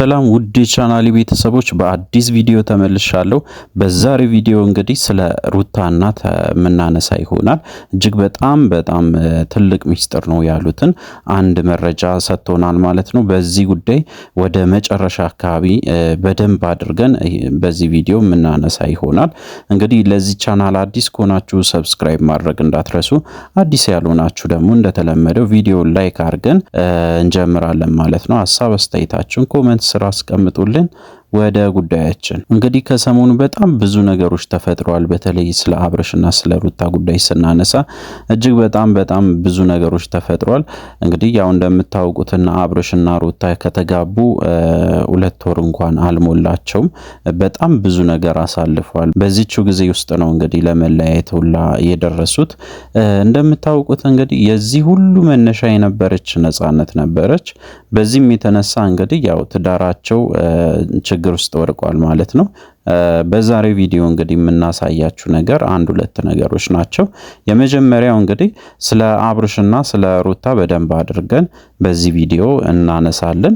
ሰላም ውድ ቻናሊ ቤተሰቦች በአዲስ ቪዲዮ ተመልሻለሁ። በዛሬ ቪዲዮ እንግዲህ ስለ ሩታ እናት የምናነሳ ይሆናል። እጅግ በጣም በጣም ትልቅ ሚስጥር ነው ያሉትን አንድ መረጃ ሰጥቶናል ማለት ነው። በዚህ ጉዳይ ወደ መጨረሻ አካባቢ በደንብ አድርገን በዚህ ቪዲዮ የምናነሳ ይሆናል። እንግዲህ ለዚህ ቻናል አዲስ ከሆናችሁ ሰብስክራይብ ማድረግ እንዳትረሱ፣ አዲስ ያልሆናችሁ ደግሞ እንደተለመደው ቪዲዮ ላይክ አድርገን እንጀምራለን ማለት ነው። ሀሳብ አስተያየታችሁን ኮመንት ስራ አስቀምጡልን። ወደ ጉዳያችን እንግዲህ ከሰሞኑ በጣም ብዙ ነገሮች ተፈጥረዋል። በተለይ ስለ አብርሽና ስለ ሩታ ጉዳይ ስናነሳ እጅግ በጣም በጣም ብዙ ነገሮች ተፈጥረዋል። እንግዲህ ያው እንደምታውቁትና አብርሽና ሩታ ከተጋቡ ሁለት ወር እንኳን አልሞላቸውም። በጣም ብዙ ነገር አሳልፈዋል። በዚችው ጊዜ ውስጥ ነው እንግዲህ ለመለያየት ሁላ የደረሱት። እንደምታውቁት እንግዲህ የዚህ ሁሉ መነሻ የነበረች ነጻነት ነበረች። በዚህም የተነሳ እንግዲህ ያው ትዳራቸው ችግር ውስጥ ወድቋል ማለት ነው። በዛሬው ቪዲዮ እንግዲህ የምናሳያችሁ ነገር አንድ ሁለት ነገሮች ናቸው። የመጀመሪያው እንግዲህ ስለ አብርሽና ስለ ሩታ በደንብ አድርገን በዚህ ቪዲዮ እናነሳለን።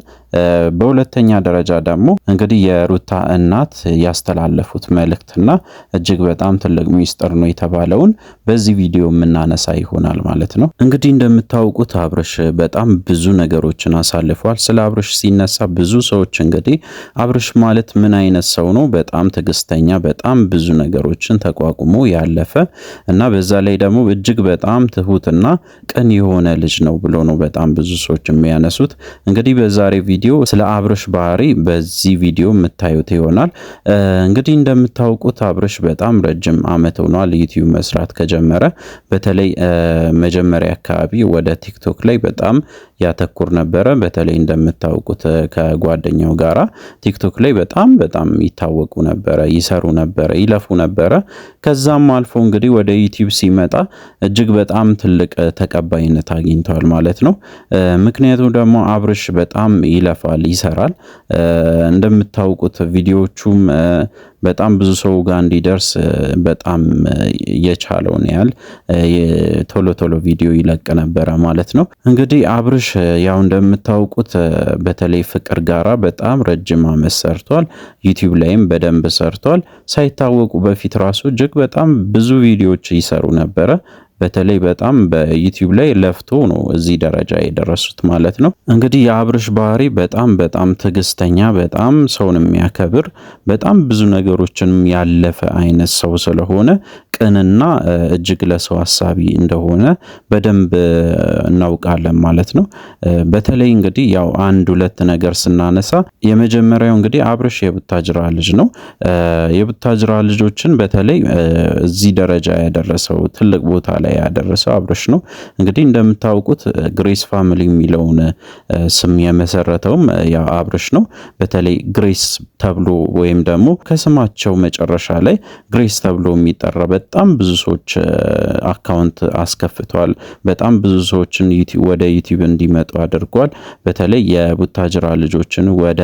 በሁለተኛ ደረጃ ደግሞ እንግዲህ የሩታ እናት ያስተላለፉት መልእክትና እጅግ በጣም ትልቅ ሚስጥር ነው የተባለውን በዚህ ቪዲዮ የምናነሳ ይሆናል ማለት ነው። እንግዲህ እንደምታውቁት አብርሽ በጣም ብዙ ነገሮችን አሳልፏል። ስለ አብርሽ ሲነሳ ብዙ ሰዎች እንግዲህ አብርሽ ማለት ምን አይነት ሰው ነው በጣም በጣም ትግስተኛ በጣም ብዙ ነገሮችን ተቋቁሞ ያለፈ እና በዛ ላይ ደግሞ እጅግ በጣም ትሁትና ቅን የሆነ ልጅ ነው ብሎ ነው በጣም ብዙ ሰዎች የሚያነሱት። እንግዲህ በዛሬ ቪዲዮ ስለ አብርሽ ባህሪ በዚህ ቪዲዮ የምታዩት ይሆናል። እንግዲህ እንደምታውቁት አብርሽ በጣም ረጅም አመት ሆኗል ዩቲዩብ መስራት ከጀመረ በተለይ መጀመሪያ አካባቢ ወደ ቲክቶክ ላይ በጣም ያተኩር ነበረ። በተለይ እንደምታውቁት ከጓደኛው ጋራ ቲክቶክ ላይ በጣም በጣም ይታወቁ ነበረ፣ ይሰሩ ነበረ፣ ይለፉ ነበረ። ከዛም አልፎ እንግዲህ ወደ ዩቲዩብ ሲመጣ እጅግ በጣም ትልቅ ተቀባይነት አግኝተዋል ማለት ነው። ምክንያቱ ደግሞ አብርሽ በጣም ይለፋል፣ ይሰራል። እንደምታውቁት ቪዲዮዎቹም በጣም ብዙ ሰው ጋር እንዲደርስ በጣም የቻለውን ያህል ቶሎ ቶሎ ቪዲዮ ይለቅ ነበረ ማለት ነው። እንግዲህ አብርሽ ያው እንደምታውቁት በተለይ ፍቅር ጋራ በጣም ረጅም አመት ሰርቷል። ዩቲዩብ ላይም በደንብ ሰርቷል። ሳይታወቁ በፊት ራሱ እጅግ በጣም ብዙ ቪዲዮዎች ይሰሩ ነበረ። በተለይ በጣም በዩቲዩብ ላይ ለፍቶ ነው እዚህ ደረጃ የደረሱት ማለት ነው። እንግዲህ የአብርሽ ባህሪ በጣም በጣም ትዕግስተኛ፣ በጣም ሰውን የሚያከብር፣ በጣም ብዙ ነገሮችንም ያለፈ አይነት ሰው ስለሆነ ቅንና እጅግ ለሰው አሳቢ እንደሆነ በደንብ እናውቃለን ማለት ነው። በተለይ እንግዲህ ያው አንድ ሁለት ነገር ስናነሳ የመጀመሪያው እንግዲህ አብርሽ የቡታጅራ ልጅ ነው። የቡታጅራ ልጆችን በተለይ እዚህ ደረጃ ያደረሰው ትልቅ ቦታ ላይ ያደረሰው አብርሽ ነው። እንግዲህ እንደምታውቁት ግሬስ ፋሚሊ የሚለውን ስም የመሰረተውም ያው አብርሽ ነው። በተለይ ግሬስ ተብሎ ወይም ደግሞ ከስማቸው መጨረሻ ላይ ግሬስ ተብሎ የሚጠራ በጣም ብዙ ሰዎች አካውንት አስከፍተዋል። በጣም ብዙ ሰዎችን ወደ ዩቲዩብ እንዲመጡ አድርጓል። በተለይ የቡታጅራ ልጆችን ወደ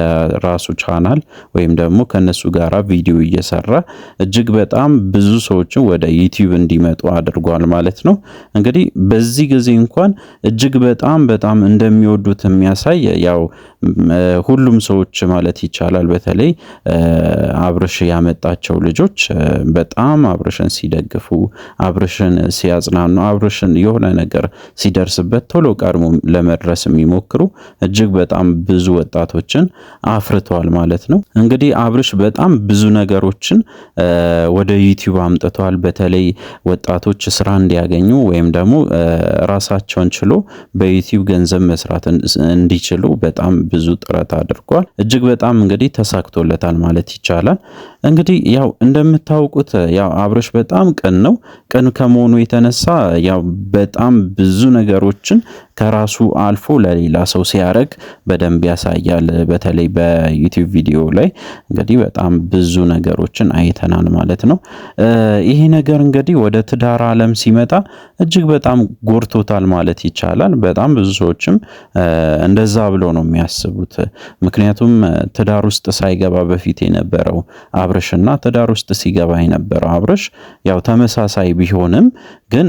ራሱ ቻናል ወይም ደግሞ ከነሱ ጋር ቪዲዮ እየሰራ እጅግ በጣም ብዙ ሰዎችን ወደ ዩቲዩብ እንዲመጡ አድርጓል ማለት ነው። እንግዲህ በዚህ ጊዜ እንኳን እጅግ በጣም በጣም እንደሚወዱት የሚያሳይ ያው ሁሉም ሰዎች ማለት ይቻላል በተለይ አብርሽ ያመጣቸው ልጆች በጣም አብርሽን ሲ ሲደግፉ፣ አብርሽን ሲያጽናኑ፣ አብርሽን የሆነ ነገር ሲደርስበት ቶሎ ቀድሞ ለመድረስ የሚሞክሩ እጅግ በጣም ብዙ ወጣቶችን አፍርተዋል ማለት ነው። እንግዲህ አብርሽ በጣም ብዙ ነገሮችን ወደ ዩቲዩብ አምጥተዋል። በተለይ ወጣቶች ስራ እንዲያገኙ ወይም ደግሞ ራሳቸውን ችሎ በዩቲዩብ ገንዘብ መስራት እንዲችሉ በጣም ብዙ ጥረት አድርጓል። እጅግ በጣም እንግዲህ ተሳክቶለታል ማለት ይቻላል። እንግዲህ ያው እንደምታውቁት ያው አብርሽ በጣም በጣም ቀን ነው። ቀን ከመሆኑ የተነሳ ያው በጣም ብዙ ነገሮችን ከራሱ አልፎ ለሌላ ሰው ሲያደርግ በደንብ ያሳያል። በተለይ በዩቲዩብ ቪዲዮ ላይ እንግዲህ በጣም ብዙ ነገሮችን አይተናል ማለት ነው። ይሄ ነገር እንግዲህ ወደ ትዳር ዓለም ሲመጣ እጅግ በጣም ጎርቶታል ማለት ይቻላል። በጣም ብዙ ሰዎችም እንደዛ ብሎ ነው የሚያስቡት። ምክንያቱም ትዳር ውስጥ ሳይገባ በፊት የነበረው አብርሽ እና ትዳር ውስጥ ሲገባ የነበረው አብርሽ ያው ተመሳሳይ ቢሆንም ግን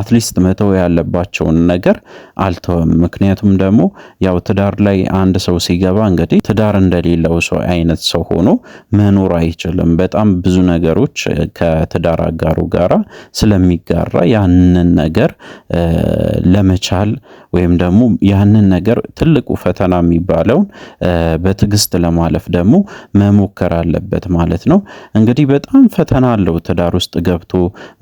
አትሊስት መተው ያለባቸውን ነገር አልተወም። ምክንያቱም ደግሞ ያው ትዳር ላይ አንድ ሰው ሲገባ እንግዲህ ትዳር እንደሌለው ሰው አይነት ሰው ሆኖ መኖር አይችልም። በጣም ብዙ ነገሮች ከትዳር አጋሩ ጋራ ስለሚጋራ ያንን ነገር ለመቻል ወይም ደግሞ ያንን ነገር ትልቁ ፈተና የሚባለውን በትዕግስት ለማለፍ ደግሞ መሞከር አለበት ማለት ነው። እንግዲህ በጣም ፈተና አለው ትዳር ውስጥ ገብቶ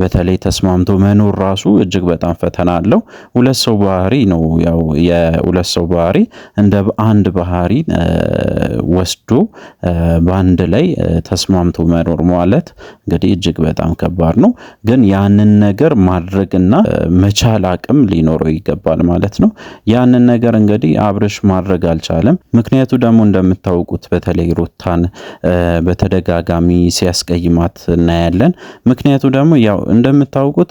በተለይ ተስማምቶ መኖር ራሱ እጅግ በጣም ፈተና አለው። ሁለት ሰው ባህሪ ነው። ያው የሁለት ሰው ባህሪ እንደ አንድ ባህሪ ወስዶ በአንድ ላይ ተስማምቶ መኖር ማለት እንግዲህ እጅግ በጣም ከባድ ነው። ግን ያንን ነገር ማድረግና መቻል አቅም ሊኖረው ይገባል ማለት ነው። ያንን ነገር እንግዲህ አብርሽ ማድረግ አልቻለም። ምክንያቱ ደግሞ እንደምታውቁት በተለይ ሩታን በተደጋጋሚ ሲያስቀይማት እናያለን። ምክንያቱ ደግሞ ያው እንደምታውቁት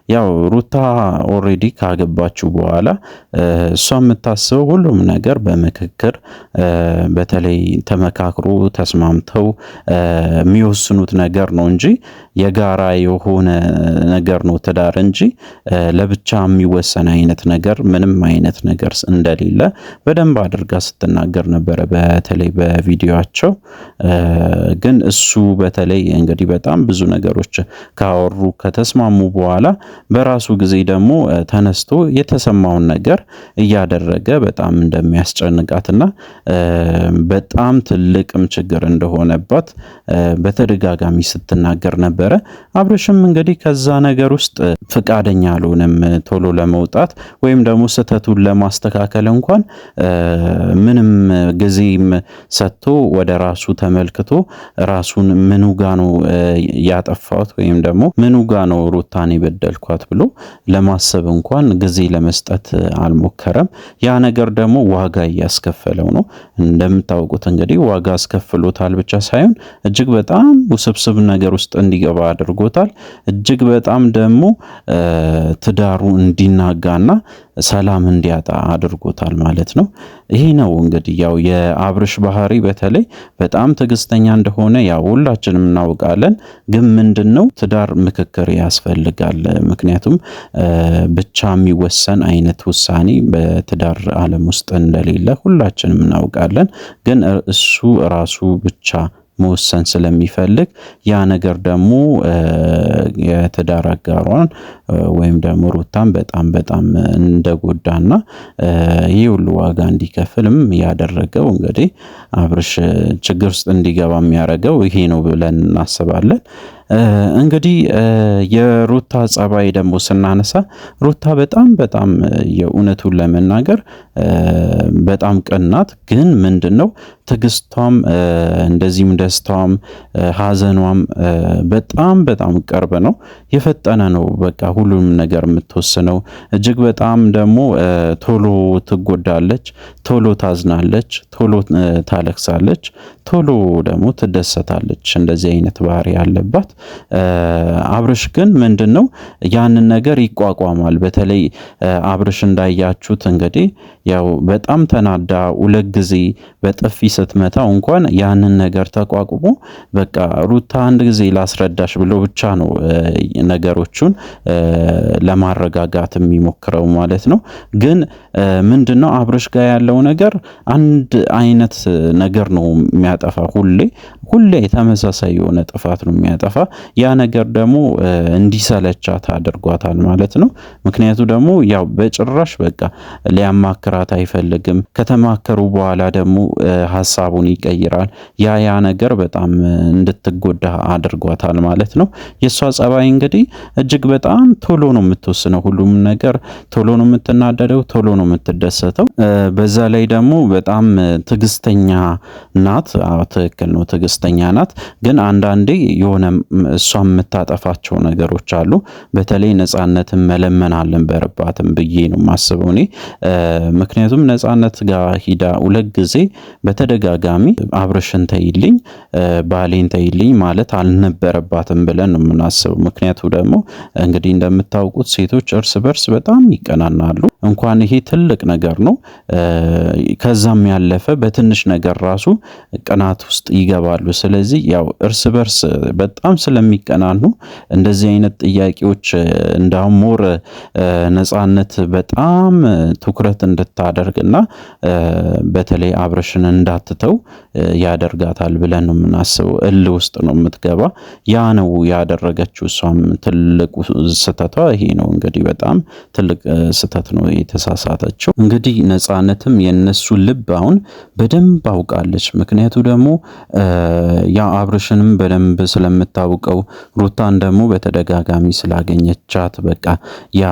ያው ሩታ ኦሬዲ ካገባችሁ በኋላ እሷ የምታስበው ሁሉም ነገር በምክክር በተለይ ተመካክሮ ተስማምተው የሚወስኑት ነገር ነው እንጂ የጋራ የሆነ ነገር ነው ትዳር እንጂ ለብቻ የሚወሰን አይነት ነገር ምንም አይነት ነገር እንደሌለ በደንብ አድርጋ ስትናገር ነበረ፣ በተለይ በቪዲዮቸው። ግን እሱ በተለይ እንግዲህ በጣም ብዙ ነገሮች ካወሩ ከተስማሙ በኋላ በራሱ ጊዜ ደግሞ ተነስቶ የተሰማውን ነገር እያደረገ በጣም እንደሚያስጨንቃትና በጣም ትልቅም ችግር እንደሆነባት በተደጋጋሚ ስትናገር ነበረ። አብርሽም እንግዲህ ከዛ ነገር ውስጥ ፍቃደኛ አልሆነም ቶሎ ለመውጣት ወይም ደግሞ ስህተቱን ለማስተካከል እንኳን ምንም ጊዜም ሰጥቶ ወደ ራሱ ተመልክቶ ራሱን ምኑ ጋ ነው ያጠፋሁት ወይም ደግሞ ምኑ ጋ ነው ሩታን የበደልኩ ላድርጓት ብሎ ለማሰብ እንኳን ጊዜ ለመስጠት አልሞከረም። ያ ነገር ደግሞ ዋጋ እያስከፈለው ነው። እንደምታውቁት እንግዲህ ዋጋ አስከፍሎታል ብቻ ሳይሆን እጅግ በጣም ውስብስብ ነገር ውስጥ እንዲገባ አድርጎታል። እጅግ በጣም ደግሞ ትዳሩ እንዲናጋና ሰላም እንዲያጣ አድርጎታል ማለት ነው። ይሄ ነው እንግዲህ ያው የአብርሽ ባህሪ በተለይ በጣም ትዕግስተኛ እንደሆነ ያው ሁላችንም እናውቃለን። ግን ምንድን ነው ትዳር ምክክር ያስፈልጋል። ምክንያቱም ብቻ የሚወሰን አይነት ውሳኔ በትዳር ዓለም ውስጥ እንደሌለ ሁላችንም እናውቃለን። ግን እሱ ራሱ ብቻ መወሰን ስለሚፈልግ ያ ነገር ደግሞ የትዳር አጋሯን ወይም ደግሞ ሩታን በጣም በጣም እንደጎዳና ይህ ሁሉ ዋጋ እንዲከፍልም ያደረገው እንግዲህ አብርሽ ችግር ውስጥ እንዲገባ የሚያደርገው ይሄ ነው ብለን እናስባለን። እንግዲህ የሩታ ጸባይ ደግሞ ስናነሳ ሩታ በጣም በጣም የእውነቱን ለመናገር በጣም ቅናት ግን ምንድን ነው ትግስቷም እንደዚህም ደስታዋም ሀዘኗም በጣም በጣም ቅርብ ነው፣ የፈጠነ ነው። በቃ ሁሉም ነገር የምትወስነው እጅግ በጣም ደግሞ ቶሎ ትጎዳለች፣ ቶሎ ታዝናለች፣ ቶሎ ታለቅሳለች፣ ቶሎ ደግሞ ትደሰታለች። እንደዚህ አይነት ባህሪ ያለባት አብርሽ ግን ምንድን ነው ያንን ነገር ይቋቋማል። በተለይ አብርሽ እንዳያችሁት እንግዲህ ያው በጣም ተናዳ ሁለት ጊዜ በጥፊ ስትመታው እንኳን ያንን ነገር ተቋቁሞ በቃ ሩታ አንድ ጊዜ ላስረዳሽ ብሎ ብቻ ነው ነገሮቹን ለማረጋጋት የሚሞክረው ማለት ነው። ግን ምንድን ነው አብርሽ ጋር ያለው ነገር አንድ አይነት ነገር ነው የሚያጠፋ ሁሌ ሁሌ ተመሳሳይ የሆነ ጥፋት ነው የሚያጠፋ። ያ ነገር ደግሞ እንዲሰለቻት አድርጓታል ማለት ነው። ምክንያቱ ደግሞ ያው በጭራሽ በቃ ሊያማክራት አይፈልግም። ከተማከሩ በኋላ ደግሞ ሀሳቡን ይቀይራል። ያ ያ ነገር በጣም እንድትጎዳ አድርጓታል ማለት ነው። የእሷ ጸባይ እንግዲህ እጅግ በጣም ቶሎ ነው የምትወስነው፣ ሁሉም ነገር ቶሎ ነው የምትናደደው፣ ቶሎ ነው የምትደሰተው። በዛ ላይ ደግሞ በጣም ትግስተኛ ናት። ትክክል ነው፣ ትግስተኛ ናት። ግን አንዳንዴ የሆነ እሷ የምታጠፋቸው ነገሮች አሉ። በተለይ ነጻነትን መለመን አልነበረባትም ብዬ ነው የማስበው እኔ ምክንያቱም ነጻነት ጋር ሂዳ ሁለት ጊዜ በተደጋጋሚ አብርሽን ተይልኝ፣ ባሌን ተይልኝ ማለት አልነበረባትም ብለን የምናስበው። ምክንያቱ ደግሞ እንግዲህ እንደምታውቁት ሴቶች እርስ በርስ በጣም ይቀናናሉ። እንኳን ይሄ ትልቅ ነገር ነው፣ ከዛም ያለፈ በትንሽ ነገር ራሱ ቅናት ውስጥ ይገባሉ። ስለዚህ ያው እርስ በርስ በጣም ስለሚቀናኑ እንደዚህ አይነት ጥያቄዎች እንዳሁን ሞር ነጻነት በጣም ትኩረት እንድታደርግና በተለይ አብረሽን እንዳ እንድታካትተው ያደርጋታል ብለን ነው የምናስበው። እል ውስጥ ነው የምትገባ። ያ ነው ያደረገችው። እሷም ትልቁ ስህተቷ ይሄ ነው እንግዲህ፣ በጣም ትልቅ ስህተት ነው የተሳሳተችው። እንግዲህ ነፃነትም የነሱ ልብ አሁን በደንብ አውቃለች። ምክንያቱ ደግሞ ያ አብርሽንም በደንብ ስለምታውቀው ሩታን ደግሞ በተደጋጋሚ ስላገኘቻት በቃ ያ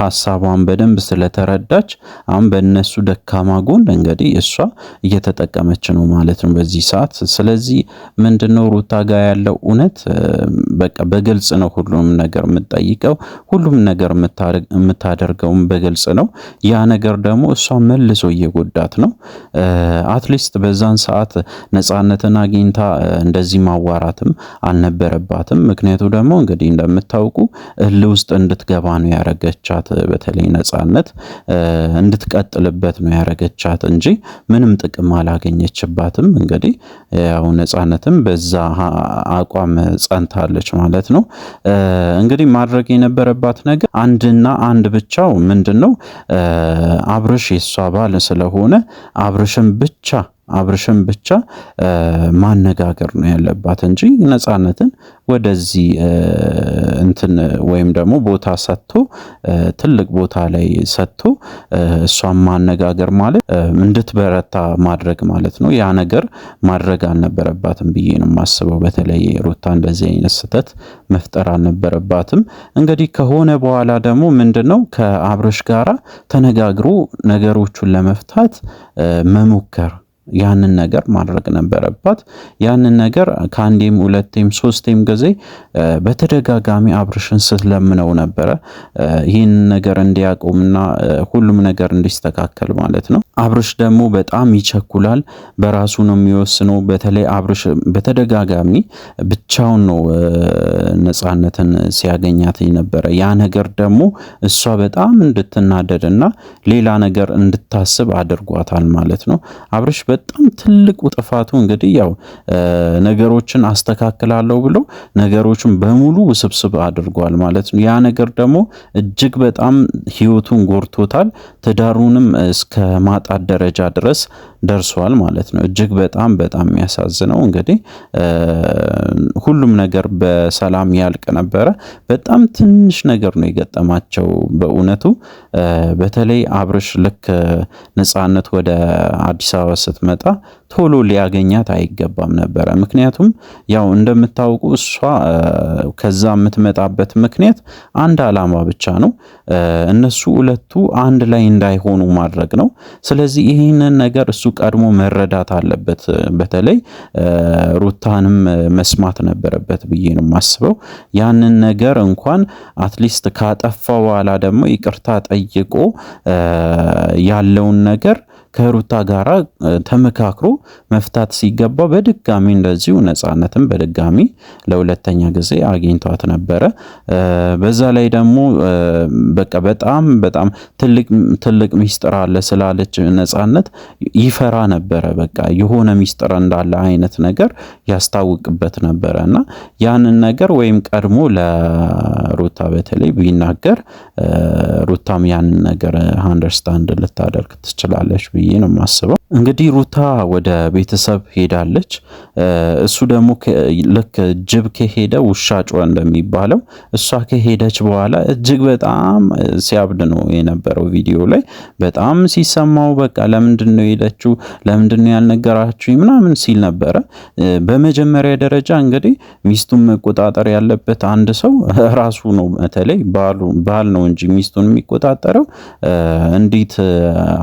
ሀሳቧን በደንብ ስለተረዳች አሁን በእነሱ ደካማ ጎን እንግዲህ እሷ እየተጠ እየተጠቀመች ነው ማለት ነው በዚህ ሰዓት። ስለዚህ ምንድነው ሩታ ጋር ያለው እውነት በቃ በግልጽ ነው። ሁሉም ነገር የምትጠይቀው ሁሉም ነገር የምታደርገውም በግልጽ ነው። ያ ነገር ደግሞ እሷ መልሶ እየጎዳት ነው። አትሊስት በዛን ሰዓት ነፃነትን አግኝታ እንደዚህ ማዋራትም አልነበረባትም። ምክንያቱ ደግሞ እንግዲህ እንደምታውቁ እልህ ውስጥ እንድትገባ ነው ያረገቻት። በተለይ ነፃነት እንድትቀጥልበት ነው ያረገቻት እንጂ ምንም ጥቅም አላ አላገኘችባትም። እንግዲህ ያው ነጻነትም በዛ አቋም ጸንታለች ማለት ነው። እንግዲህ ማድረግ የነበረባት ነገር አንድና አንድ ብቻው ምንድን ነው አብርሽ የሷ ባል ስለሆነ አብርሽን ብቻ አብርሽን ብቻ ማነጋገር ነው ያለባት እንጂ ነፃነትን ወደዚህ እንትን ወይም ደግሞ ቦታ ሰጥቶ ትልቅ ቦታ ላይ ሰጥቶ እሷን ማነጋገር ማለት እንድትበረታ ማድረግ ማለት ነው። ያ ነገር ማድረግ አልነበረባትም ብዬ ነው የማስበው። በተለይ ሩታ እንደዚህ አይነት ስህተት መፍጠር አልነበረባትም። እንግዲህ ከሆነ በኋላ ደግሞ ምንድን ነው ከአብርሽ ጋራ ተነጋግሮ ነገሮቹን ለመፍታት መሞከር ያንን ነገር ማድረግ ነበረባት። ያንን ነገር ከአንዴም ሁለቴም ሶስቴም ጊዜ በተደጋጋሚ አብርሽን ስትለምነው ነበረ ይህን ነገር እንዲያቆምና ሁሉም ነገር እንዲስተካከል ማለት ነው። አብርሽ ደግሞ በጣም ይቸኩላል፣ በራሱ ነው የሚወስነው። በተለይ አብርሽ በተደጋጋሚ ብቻውን ነው ነፃነትን ሲያገኛት ነበረ። ያ ነገር ደግሞ እሷ በጣም እንድትናደድና ሌላ ነገር እንድታስብ አድርጓታል ማለት ነው። አብርሽ በጣም ትልቁ ጥፋቱ እንግዲህ ያው ነገሮችን አስተካክላለሁ ብሎ ነገሮችን በሙሉ ውስብስብ አድርጓል ማለት ነው። ያ ነገር ደግሞ እጅግ በጣም ህይወቱን ጎርቶታል ትዳሩንም እስከ ማጣት ደረጃ ድረስ ደርሷል ማለት ነው። እጅግ በጣም በጣም የሚያሳዝነው እንግዲህ ሁሉም ነገር በሰላም ያልቅ ነበረ። በጣም ትንሽ ነገር ነው የገጠማቸው በእውነቱ። በተለይ አብርሽ ልክ ነፃነት ወደ አዲስ አበባ ስትመጣ ቶሎ ሊያገኛት አይገባም ነበረ። ምክንያቱም ያው እንደምታውቁ እሷ ከዛ የምትመጣበት ምክንያት አንድ ዓላማ ብቻ ነው፣ እነሱ ሁለቱ አንድ ላይ እንዳይሆኑ ማድረግ ነው። ስለዚህ ይህንን ነገር እሱ ቀድሞ መረዳት አለበት። በተለይ ሩታንም መስማት ነበረበት ብዬ ነው የማስበው። ያንን ነገር እንኳን አትሊስት ካጠፋ በኋላ ደግሞ ይቅርታ ጠይቆ ያለውን ነገር ከሩታ ጋራ ተመካክሮ መፍታት ሲገባ በድጋሚ እንደዚሁ ነፃነትም በድጋሚ ለሁለተኛ ጊዜ አግኝቷት ነበረ። በዛ ላይ ደግሞ በቃ በጣም በጣም ትልቅ ትልቅ ሚስጥር አለ ስላለች ነፃነት ይፈራ ነበረ። በቃ የሆነ ሚስጥር እንዳለ አይነት ነገር ያስታውቅበት ነበረ እና ያንን ነገር ወይም ቀድሞ ለሩታ በተለይ ቢናገር ሩታም ያንን ነገር አንደርስታንድ ልታደርግ ትችላለች። ብዬ ነው የማስበው። እንግዲህ ሩታ ወደ ቤተሰብ ሄዳለች። እሱ ደግሞ ልክ ጅብ ከሄደ ውሻ ጮኸ እንደሚባለው እሷ ከሄደች በኋላ እጅግ በጣም ሲያብድ ነው የነበረው ቪዲዮ ላይ በጣም ሲሰማው፣ በቃ ለምንድን ነው የሄደችው? ለምንድን ነው ያልነገራችሁኝ? ምናምን ሲል ነበረ። በመጀመሪያ ደረጃ እንግዲህ ሚስቱን መቆጣጠር ያለበት አንድ ሰው ራሱ ነው። በተለይ ባል ነው እንጂ ሚስቱን የሚቆጣጠረው እንዴት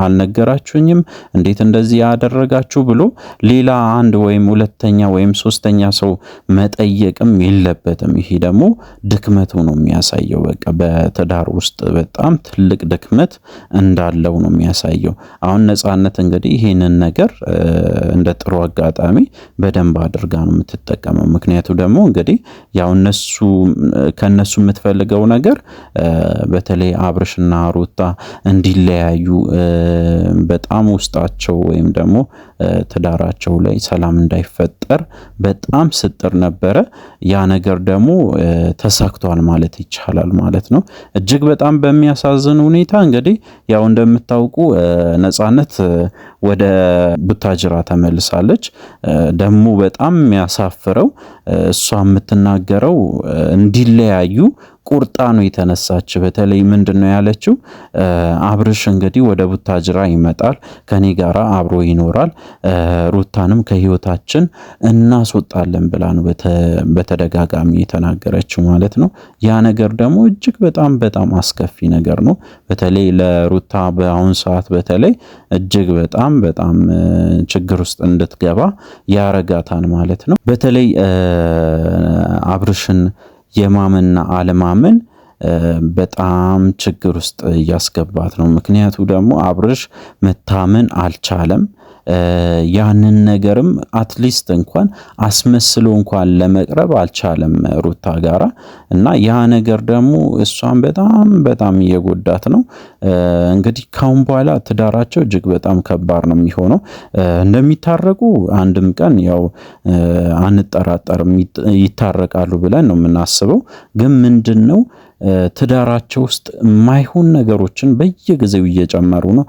አልነገራችሁኝ አልነገራችሁኝም እንዴት እንደዚህ ያደረጋችሁ ብሎ ሌላ አንድ ወይም ሁለተኛ ወይም ሶስተኛ ሰው መጠየቅም የለበትም። ይሄ ደግሞ ድክመቱ ነው የሚያሳየው። በቃ በትዳር ውስጥ በጣም ትልቅ ድክመት እንዳለው ነው የሚያሳየው። አሁን ነጻነት እንግዲህ ይህንን ነገር እንደ ጥሩ አጋጣሚ በደንብ አድርጋ ነው የምትጠቀመው። ምክንያቱ ደግሞ እንግዲህ ያው እነሱ ከነሱ የምትፈልገው ነገር በተለይ አብርሽና ሩታ እንዲለያዩ በጣም በጣም ውስጣቸው ወይም ደግሞ ትዳራቸው ላይ ሰላም እንዳይፈጠር በጣም ስጥር ነበረ። ያ ነገር ደግሞ ተሳክቷል ማለት ይቻላል ማለት ነው። እጅግ በጣም በሚያሳዝን ሁኔታ እንግዲህ ያው እንደምታውቁ ነፃነት ወደ ቡታጅራ ተመልሳለች። ደግሞ በጣም የሚያሳፍረው እሷ የምትናገረው እንዲለያዩ ቁርጣ ነው የተነሳች። በተለይ ምንድን ነው ያለችው? አብርሽ እንግዲህ ወደ ቡታጅራ ይመጣል፣ ከኔ ጋር አብሮ ይኖራል፣ ሩታንም ከህይወታችን እናስወጣለን ብላ ነው በተደጋጋሚ የተናገረችው ማለት ነው። ያ ነገር ደግሞ እጅግ በጣም በጣም አስከፊ ነገር ነው። በተለይ ለሩታ በአሁን ሰዓት በተለይ እጅግ በጣም በጣም ችግር ውስጥ እንድትገባ ያረጋታል ማለት ነው። በተለይ አብርሽን የማመንና አለማመን በጣም ችግር ውስጥ እያስገባት ነው። ምክንያቱ ደግሞ አብርሽ መታመን አልቻለም። ያንን ነገርም አትሊስት እንኳን አስመስሎ እንኳን ለመቅረብ አልቻለም ሩታ ጋራ እና ያ ነገር ደግሞ እሷን በጣም በጣም እየጎዳት ነው። እንግዲህ ካሁን በኋላ ትዳራቸው እጅግ በጣም ከባድ ነው የሚሆነው። እንደሚታረቁ አንድም ቀን ያው አንጠራጠርም፣ ይታረቃሉ ብለን ነው የምናስበው። ግን ምንድን ነው ትዳራቸው ውስጥ ማይሆን ነገሮችን በየጊዜው እየጨመሩ ነው።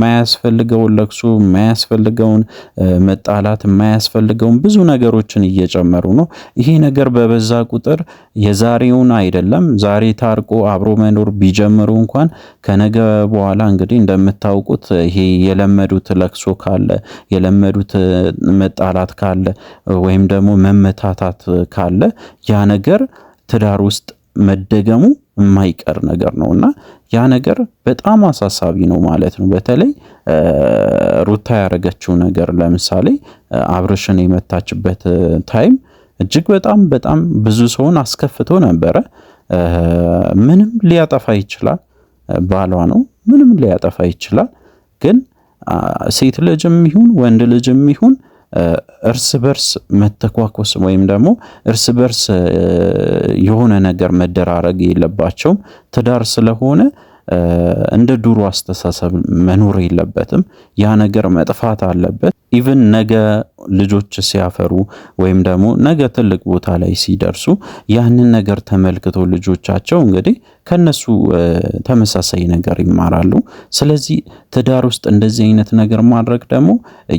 ማያስፈልገውን ለቅሶ፣ ማያስፈልገውን መጣላት፣ ማያስፈልገውን ብዙ ነገሮችን እየጨመሩ ነው። ይሄ ነገር በበዛ ቁጥር የዛሬውን አይደለም ዛሬ ታርቆ አብሮ መኖር ቢጀምሩ እንኳን ከነገ በኋላ እንግዲህ እንደምታውቁት ይሄ የለመዱት ለቅሶ ካለ የለመዱት መጣላት ካለ ወይም ደግሞ መመታታት ካለ ያ ነገር ትዳር ውስጥ መደገሙ የማይቀር ነገር ነው እና ያ ነገር በጣም አሳሳቢ ነው ማለት ነው። በተለይ ሩታ ያደረገችው ነገር ለምሳሌ አብርሽን የመታችበት ታይም እጅግ በጣም በጣም ብዙ ሰውን አስከፍቶ ነበረ። ምንም ሊያጠፋ ይችላል፣ ባሏ ነው፣ ምንም ሊያጠፋ ይችላል። ግን ሴት ልጅም ይሁን ወንድ ልጅም ይሁን እርስ በርስ መተኳኮስ ወይም ደግሞ እርስ በርስ የሆነ ነገር መደራረግ የለባቸውም። ትዳር ስለሆነ እንደ ድሮ አስተሳሰብ መኖር የለበትም። ያ ነገር መጥፋት አለበት። ኢቭን ነገ ልጆች ሲያፈሩ ወይም ደግሞ ነገ ትልቅ ቦታ ላይ ሲደርሱ ያንን ነገር ተመልክቶ ልጆቻቸው እንግዲህ ከነሱ ተመሳሳይ ነገር ይማራሉ። ስለዚህ ትዳር ውስጥ እንደዚህ አይነት ነገር ማድረግ ደግሞ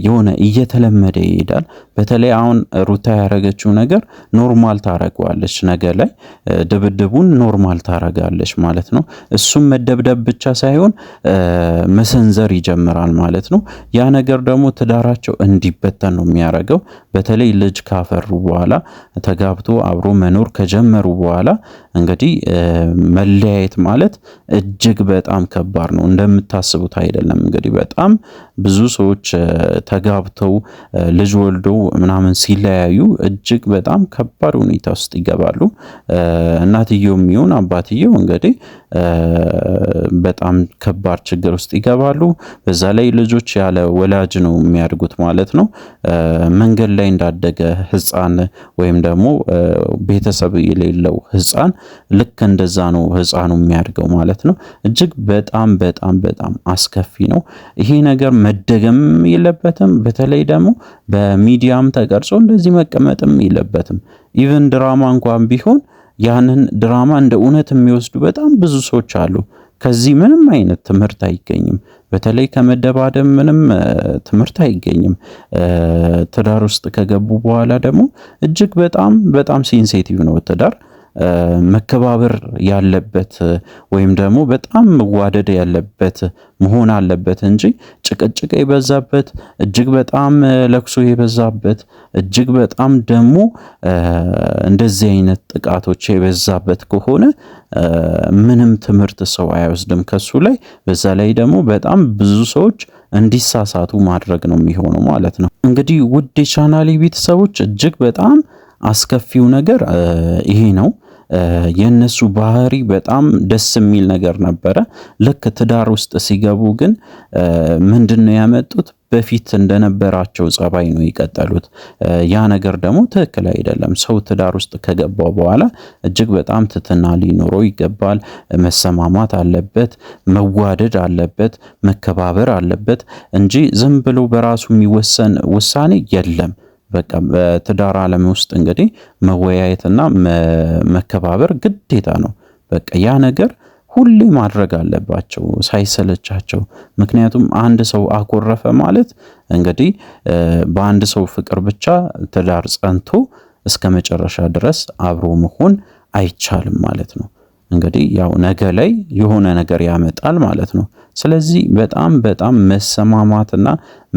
የሆነ እየተለመደ ይሄዳል። በተለይ አሁን ሩታ ያደረገችው ነገር ኖርማል ታረገዋለች፣ ነገ ላይ ድብድቡን ኖርማል ታረጋለች ማለት ነው። እሱም መደብደብ ብቻ ሳይሆን መሰንዘር ይጀምራል ማለት ነው። ያ ነገር ደግሞ ትዳራ ትዳራቸው እንዲበተን ነው የሚያደርገው። በተለይ ልጅ ካፈሩ በኋላ ተጋብቶ አብሮ መኖር ከጀመሩ በኋላ እንግዲህ መለያየት ማለት እጅግ በጣም ከባድ ነው። እንደምታስቡት አይደለም። እንግዲህ በጣም ብዙ ሰዎች ተጋብተው ልጅ ወልደው ምናምን ሲለያዩ እጅግ በጣም ከባድ ሁኔታ ውስጥ ይገባሉ። እናትየው የሚሆን አባትየው እንግዲህ በጣም ከባድ ችግር ውስጥ ይገባሉ። በዛ ላይ ልጆች ያለ ወላጅ ነው የሚያድጉት ማለት ነው። መንገድ ላይ እንዳደገ ሕፃን ወይም ደግሞ ቤተሰብ የሌለው ሕፃን ልክ እንደዛ ነው ሕፃኑ የሚያድገው ማለት ነው። እጅግ በጣም በጣም በጣም አስከፊ ነው ይሄ ነገር መደገም የለበትም። በተለይ ደግሞ በሚዲያም ተቀርጾ እንደዚህ መቀመጥም የለበትም። ኢቨን ድራማ እንኳን ቢሆን ያንን ድራማ እንደ እውነት የሚወስዱ በጣም ብዙ ሰዎች አሉ። ከዚህ ምንም አይነት ትምህርት አይገኝም። በተለይ ከመደባደብ ምንም ትምህርት አይገኝም። ትዳር ውስጥ ከገቡ በኋላ ደግሞ እጅግ በጣም በጣም ሴንሴቲቭ ነው ትዳር። መከባበር ያለበት ወይም ደግሞ በጣም መዋደድ ያለበት መሆን አለበት እንጂ ጭቅጭቅ የበዛበት እጅግ በጣም ለቅሶ የበዛበት እጅግ በጣም ደግሞ እንደዚህ አይነት ጥቃቶች የበዛበት ከሆነ ምንም ትምህርት ሰው አይወስድም ከሱ ላይ። በዛ ላይ ደግሞ በጣም ብዙ ሰዎች እንዲሳሳቱ ማድረግ ነው የሚሆነው ማለት ነው። እንግዲህ ውድ የቻናሌ ቤተሰቦች እጅግ በጣም አስከፊው ነገር ይሄ ነው። የእነሱ ባህሪ በጣም ደስ የሚል ነገር ነበረ። ልክ ትዳር ውስጥ ሲገቡ ግን ምንድን ነው ያመጡት? በፊት እንደነበራቸው ጸባይ ነው የቀጠሉት። ያ ነገር ደግሞ ትክክል አይደለም። ሰው ትዳር ውስጥ ከገባው በኋላ እጅግ በጣም ትትና ሊኖረው ይገባል። መሰማማት አለበት፣ መዋደድ አለበት፣ መከባበር አለበት እንጂ ዝም ብሎ በራሱ የሚወሰን ውሳኔ የለም። በቃ በትዳር ዓለም ውስጥ እንግዲህ መወያየትና መከባበር ግዴታ ነው። በቃ ያ ነገር ሁሌ ማድረግ አለባቸው ሳይሰለቻቸው። ምክንያቱም አንድ ሰው አኮረፈ ማለት እንግዲህ በአንድ ሰው ፍቅር ብቻ ትዳር ጸንቶ እስከ መጨረሻ ድረስ አብሮ መሆን አይቻልም ማለት ነው። እንግዲህ ያው ነገ ላይ የሆነ ነገር ያመጣል ማለት ነው። ስለዚህ በጣም በጣም መሰማማትና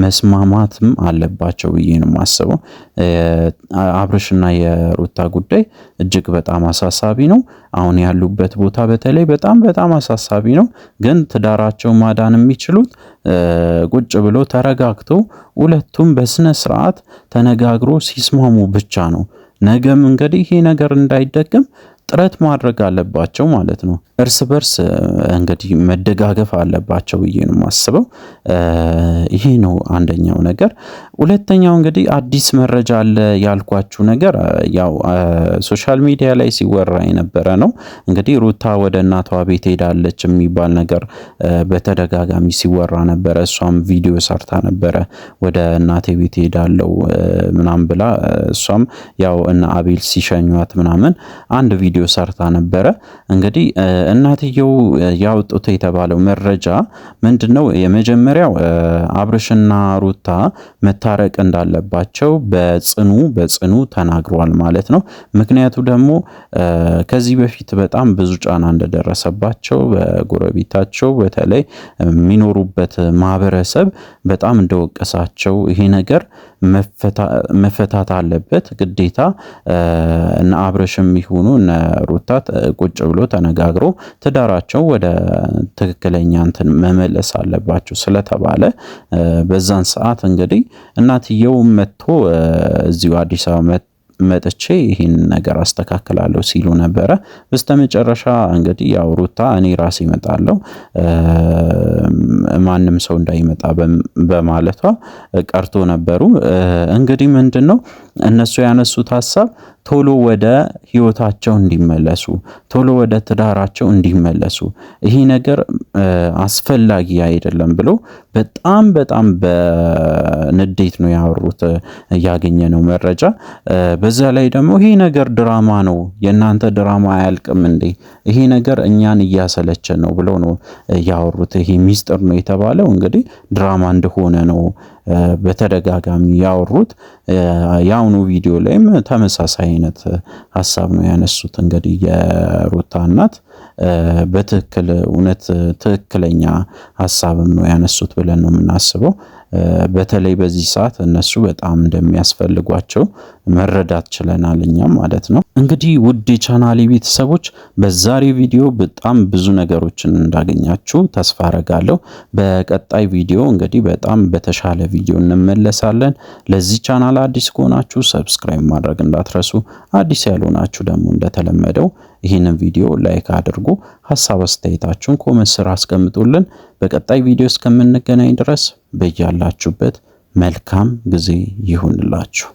መስማማትም አለባቸው ብዬ ነው የማስበው። አብርሽና የሩታ ጉዳይ እጅግ በጣም አሳሳቢ ነው። አሁን ያሉበት ቦታ በተለይ በጣም በጣም አሳሳቢ ነው። ግን ትዳራቸው ማዳን የሚችሉት ቁጭ ብሎ ተረጋግቶ ሁለቱም በስነ ስርዓት ተነጋግሮ ሲስማሙ ብቻ ነው። ነገም እንግዲህ ይሄ ነገር እንዳይደገም ጥረት ማድረግ አለባቸው ማለት ነው። እርስ በርስ እንግዲህ መደጋገፍ አለባቸው ብዬ ነው የማስበው። ይሄ ነው አንደኛው ነገር። ሁለተኛው እንግዲህ አዲስ መረጃ አለ ያልኳችሁ ነገር ያው ሶሻል ሚዲያ ላይ ሲወራ የነበረ ነው። እንግዲህ ሩታ ወደ እናቷ ቤት ሄዳለች የሚባል ነገር በተደጋጋሚ ሲወራ ነበረ። እሷም ቪዲዮ ሰርታ ነበረ ወደ እናቴ ቤት ሄዳለው ምናም ብላ እሷም ያው እና አቤል ሲሸኟት ምናምን አንድ ቪዲዮ ሰርታ ነበረ እንግዲህ እናትየው ያወጡት የተባለው መረጃ ምንድን ነው? የመጀመሪያው አብርሽና ሩታ መታረቅ እንዳለባቸው በጽኑ በጽኑ ተናግሯል ማለት ነው። ምክንያቱ ደግሞ ከዚህ በፊት በጣም ብዙ ጫና እንደደረሰባቸው በጎረቤታቸው በተለይ የሚኖሩበት ማህበረሰብ በጣም እንደወቀሳቸው ይሄ ነገር መፈታት አለበት ግዴታ እነ አብረሽም ይሁኑ እነ ቁጭ ብሎ ተነጋግሮ ትዳራቸው ወደ ትክክለኛ እንትን መመለስ አለባቸው ስለተባለ በዛን ሰዓት እንግዲህ እናትየው መጥቶ እዚሁ አዲስ አበባ መጥቼ ይህን ነገር አስተካክላለሁ ሲሉ ነበረ። በስተመጨረሻ እንግዲህ ያው ሩታ እኔ ራሴ እመጣለሁ ማንም ሰው እንዳይመጣ በማለቷ ቀርቶ ነበሩ። እንግዲህ ምንድን ነው እነሱ ያነሱት ሀሳብ ቶሎ ወደ ህይወታቸው እንዲመለሱ ቶሎ ወደ ትዳራቸው እንዲመለሱ ይሄ ነገር አስፈላጊ አይደለም ብሎ በጣም በጣም በንዴት ነው ያወሩት። ነው መረጃ በዛ ላይ ደግሞ ይሄ ነገር ድራማ ነው፣ የእናንተ ድራማ አያልቅም እንዴ? ይሄ ነገር እኛን እያሰለቸን ነው ብሎ ነው ያወሩት። ይሄ ሚስጥር ነው የተባለው እንግዲህ ድራማ እንደሆነ ነው በተደጋጋሚ ያወሩት የአሁኑ ቪዲዮ ላይም ተመሳሳይ አይነት ሀሳብ ነው ያነሱት። እንግዲህ የሩታ እናት በትክክል እውነት ትክክለኛ ሀሳብም ነው ያነሱት ብለን ነው የምናስበው። በተለይ በዚህ ሰዓት እነሱ በጣም እንደሚያስፈልጓቸው መረዳት ችለናል እኛም ማለት ነው። እንግዲህ ውድ የቻናሌ ቤተሰቦች በዛሬው ቪዲዮ በጣም ብዙ ነገሮችን እንዳገኛችሁ ተስፋ አረጋለሁ። በቀጣይ ቪዲዮ እንግዲህ በጣም በተሻለ ቪዲዮ እንመለሳለን። ለዚህ ቻናል አዲስ ከሆናችሁ ሰብስክራይብ ማድረግ እንዳትረሱ፣ አዲስ ያልሆናችሁ ደግሞ እንደተለመደው ይህንን ቪዲዮ ላይክ አድርጉ፣ ሀሳብ አስተያየታችሁን ኮመንት ስራ አስቀምጡልን። በቀጣይ ቪዲዮ እስከምንገናኝ ድረስ በያላችሁበት መልካም ጊዜ ይሁንላችሁ።